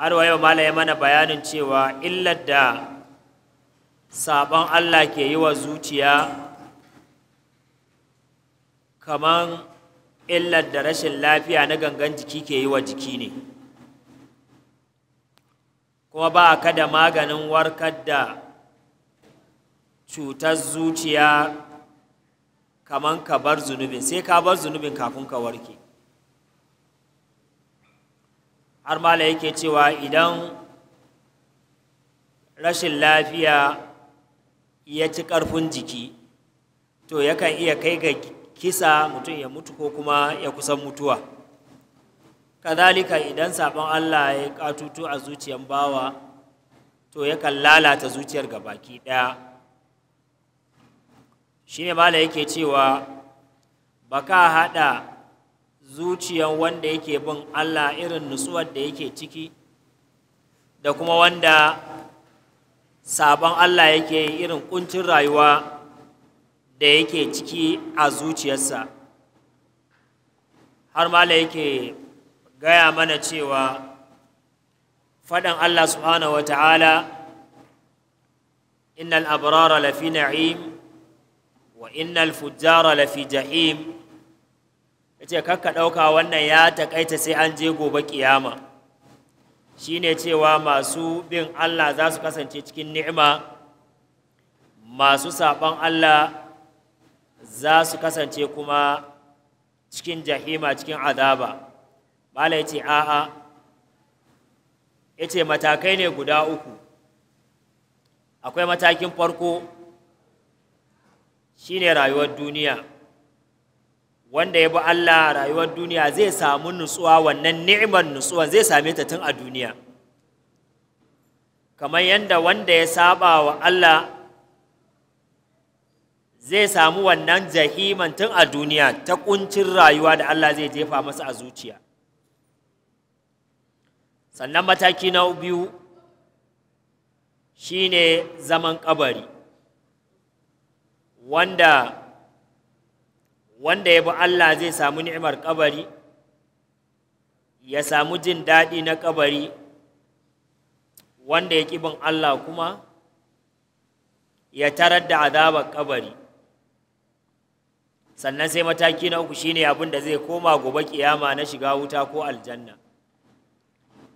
har wa yau mala ya mana bayanin cewa illar da sabon Allah ke yi wa zuciya kaman illar da rashin lafiya na gangan jiki ke yi wa jiki ne kuma ba ka da maganin warkar da cutar zuciya kaman ka bar zunubin sai ka bar zunubin kafin ka warke har mala yake cewa idan rashin lafiya ya ci ƙarfin jiki to yakan iya kai ga kisa mutum ya mutu ko kuma ya kusan mutuwa kazalika idan sabon allah ya katutu a zuciyar bawa to yakan lalata zuciyar gabaki ɗaya shi ne mala yake cewa ka haɗa Zuciyan wanda yake bin Allah irin nutsuwar da yake ciki da kuma wanda sabon Allah yake irin kuncin rayuwa da yake ciki a zuciyarsa har mala yake gaya mana cewa faɗin Allah subhanahu wa ta'ala innal abrara lafi na'im wa innal fujjara lafi jahim yace kakka ɗauka wannan ya takaita sai an je gobe kiyama shine cewa masu bin Allah za su kasance cikin ni'ima masu saban Allah za su kasance kuma cikin jahima cikin azaba bala yace a'a yace matakai ne guda uku akwai matakin farko shine rayuwar duniya wanda ya bi Allah rayuwar duniya zai samu nutsuwa wannan ni'imar nutsuwa zai same ta tun a duniya kamar yadda wanda ya saba wa Allah zai samu wannan jahiman tun a duniya ta kuncin rayuwa da Allah zai jefa masa a zuciya sannan mataki na biyu shine zaman kabari wanda wanda ya bi Allah zai samu ni'imar kabari ya samu jin daɗi na kabari wanda ya bin Allah kuma ya tarar da azabar kabari sannan sai mataki na uku shine abin da zai koma gobe kiyama na shiga wuta ko aljanna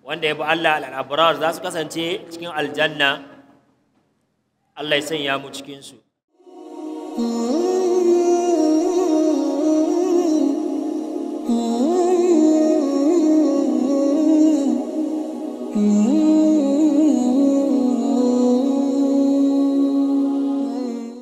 wanda ya bi Allah al-abrar za su kasance cikin aljanna Allah ya sanya mu cikinsu. su hmm? Ooh.